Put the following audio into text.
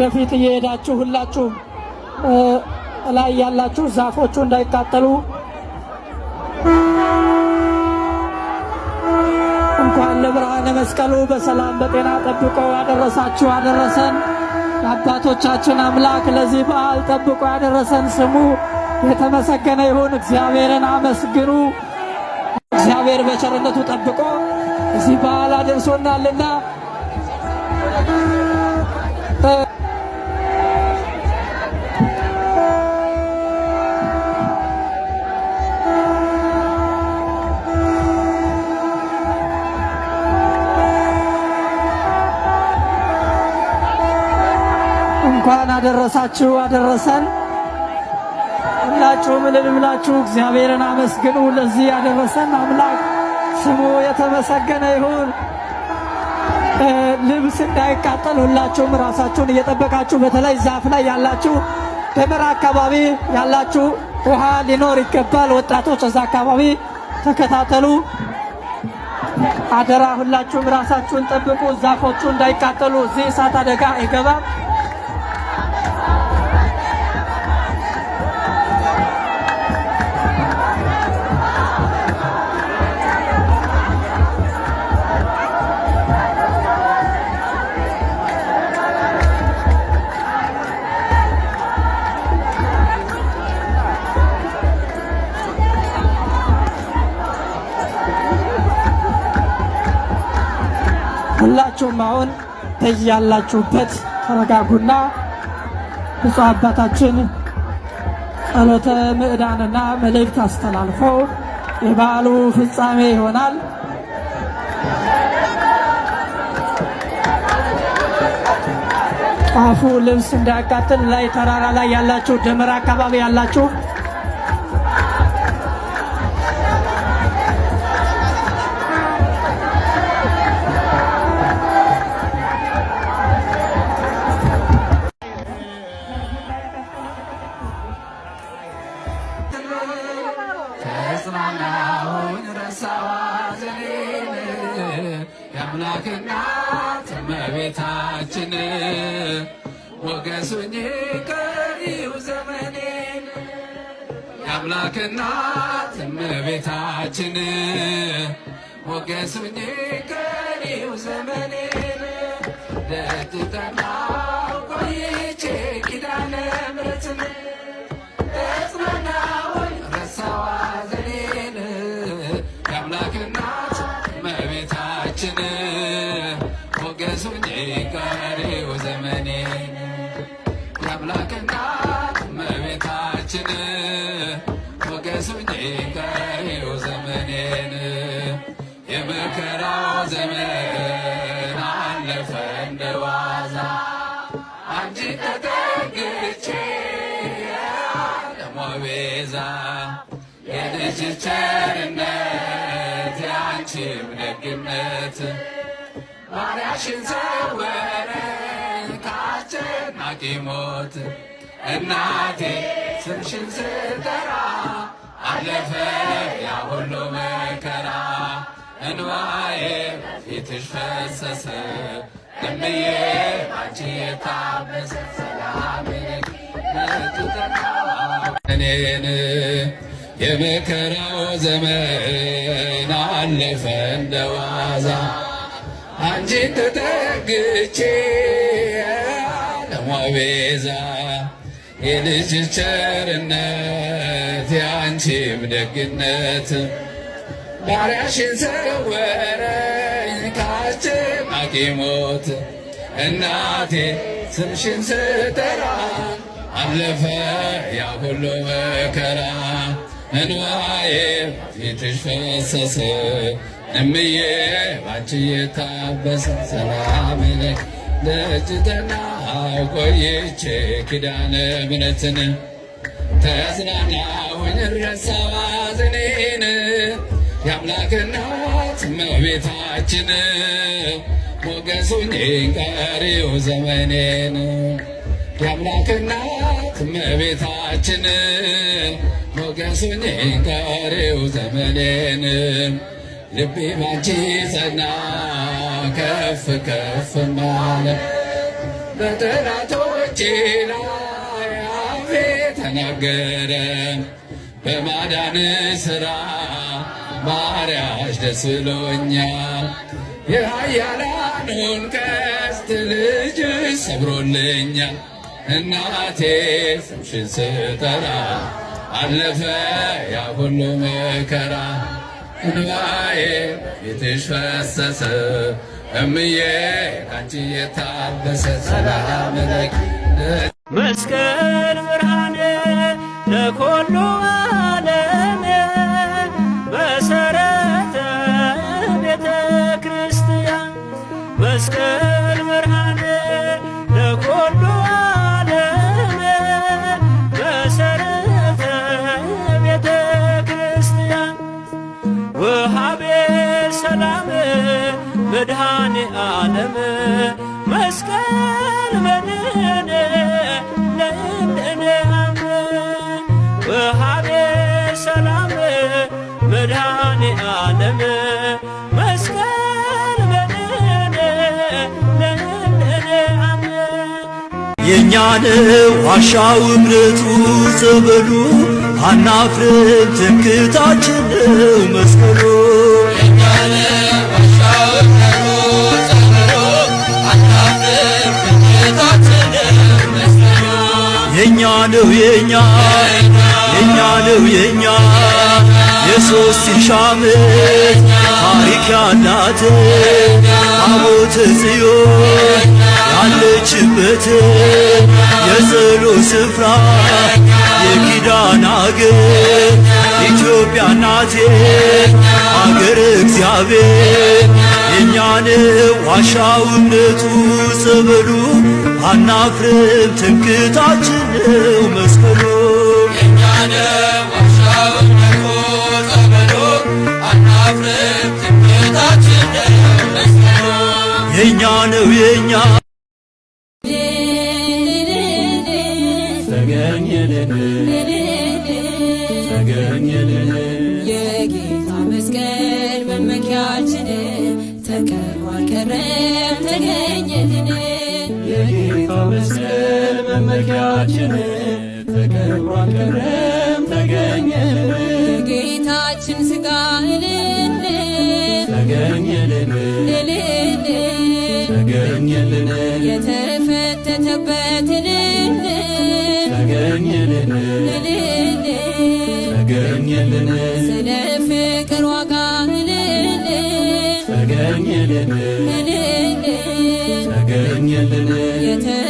ወደፊት እየሄዳችሁ ሁላችሁም ላይ ያላችሁ ዛፎቹ እንዳይቃጠሉ እንኳን ለብርሃነ መስቀሉ በሰላም በጤና ጠብቆ ያደረሳችሁ አደረሰን። አባቶቻችን አምላክ ለዚህ በዓል ጠብቆ ያደረሰን ስሙ የተመሰገነ ይሁን። እግዚአብሔርን አመስግኑ። እግዚአብሔር በቸርነቱ ጠብቆ እዚህ በዓል አድርሶናልና እንኳን አደረሳችሁ አደረሰን። ሁላችሁም እልል ብላችሁ እግዚአብሔርን አመስግኑ። ለዚህ ያደረሰን አምላክ ስሙ የተመሰገነ ይሁን። ልብስ እንዳይቃጠል ሁላችሁም ራሳችሁን እየጠበቃችሁ፣ በተለይ ዛፍ ላይ ያላችሁ ደመራ አካባቢ ያላችሁ ውሃ ሊኖር ይገባል። ወጣቶች እዛ አካባቢ ተከታተሉ። አደራ ሁላችሁም ራሳችሁን ጠብቁ። ዛፎቹ እንዳይቃጠሉ። እዚህ እሳት አደጋ አይገባም። ሁላችሁም አሁን በያላችሁበት ተረጋጉና ብፁዕ አባታችን ጸሎተ ምዕዳንና መልእክት አስተላልፈው የበዓሉ ፍጻሜ ይሆናል። ጣፉ ልብስ እንዳያቃጥል ላይ ተራራ ላይ ያላችሁ ደመራ አካባቢ ያላችሁ ድረሱኝ ቀሪው ዘመኔን የአምላክናት እመቤታችን ሞገሱኝ ቀሪው ዘመኔን ደጅ ጠናሁ ቆይቼ ኪዳነ ምሕረትን እሱኝ ከሪው ዘመኔን የመከራው ዘመን አለፈ እንደዋዛ አንቺ ተጠግቼ ደሞ ቤዛ የልጅ ቸርነት የአንቺም ደግነት ባሪያሽን ሰወረን ከአስጨናቂ ሞት እናቴ ስምሽን ስጠራ አለፈ ያ ሁሉ መከራ እንባዬ በፊትሽ ፈሰሰ ደምዬ ባንቺ የታበሰ ሰላም እኔን የመከራው ዘመን አለፈ እንደዋዛ አንቺን ተጠግቼ ለሟቤዛ የልጅ ቸርነት የአንቺም ደግነት ባሪያሽን ሰወረኝ ከአጭማቂ ሞት እናቴ ስምሽን ስጠራ አለፈ ያ ሁሉ መከራ እንባዬ ፊትሽ ፈሰሰ እምዬ ባንቺ የታበሰ ሰላም አቆይቼ ኪዳነ ምሕረትን ተዝናናሁኝ ረሳሁ ሐዘኔን የአምላክ እናት እመቤታችን ሞገሱኝ ቀሪው ዘመኔን የአምላክ እናት እመቤታችን ሞገሱኝ ቀሪው ዘመኔን ልቤ ባንቺ ጸና ከፍ ከፍ ማለ በጠላቶቼ ላይ አፌ ተናገረ። በማዳን ስራ ማርያሽ ደስ ብሎኛል። የኃያላኑን ቀስት ልጅ ሰብሮልኛል። እናቴ ስምሽን ስጠራ አለፈ ያ ሁሉ መከራ። እንባዬ ፊትሽ ፈሰሰ እምዬ ካንቺ የታበሰ ሰላም መስቀል ብርሃን ለኮሎ መድኃኔ ዓለም መስቀል መድህን ለእንድንያም ወሃቤ ሰላም መድኃኔ ዓለም መስቀል መድህን ለእንድንያም የእኛ የእኛን ዋሻው ምረቱ ጸበሉ አናፍርም ትምክህታችን ነው መስቀሉ ነው የኛ የሶስት ሺህ ዓመት ታሪክ ያላት ታቦተ ጽዮን ያለችበት የጸሎት ስፍራ የኪዳን አገር ኢትዮጵያ ናቴ አገር እግዚአብሔር የእኛን ዋሻውነቱ እምነቱ ጸበሉ አናፍርም ትምክህታችን ነው መስቀሉ ነው የኛ ተገኘልን ተገኘልን የጌታ መስቀል መመኪያችን ከረም ተገኘልን የጌታ መስቀል መመኪያችን ከረም ተገኘልን የተፈተተበት ተገኘልን ተገኘልን ስለ ፍቅር ዋጋ ተገኘልን ተገኘልን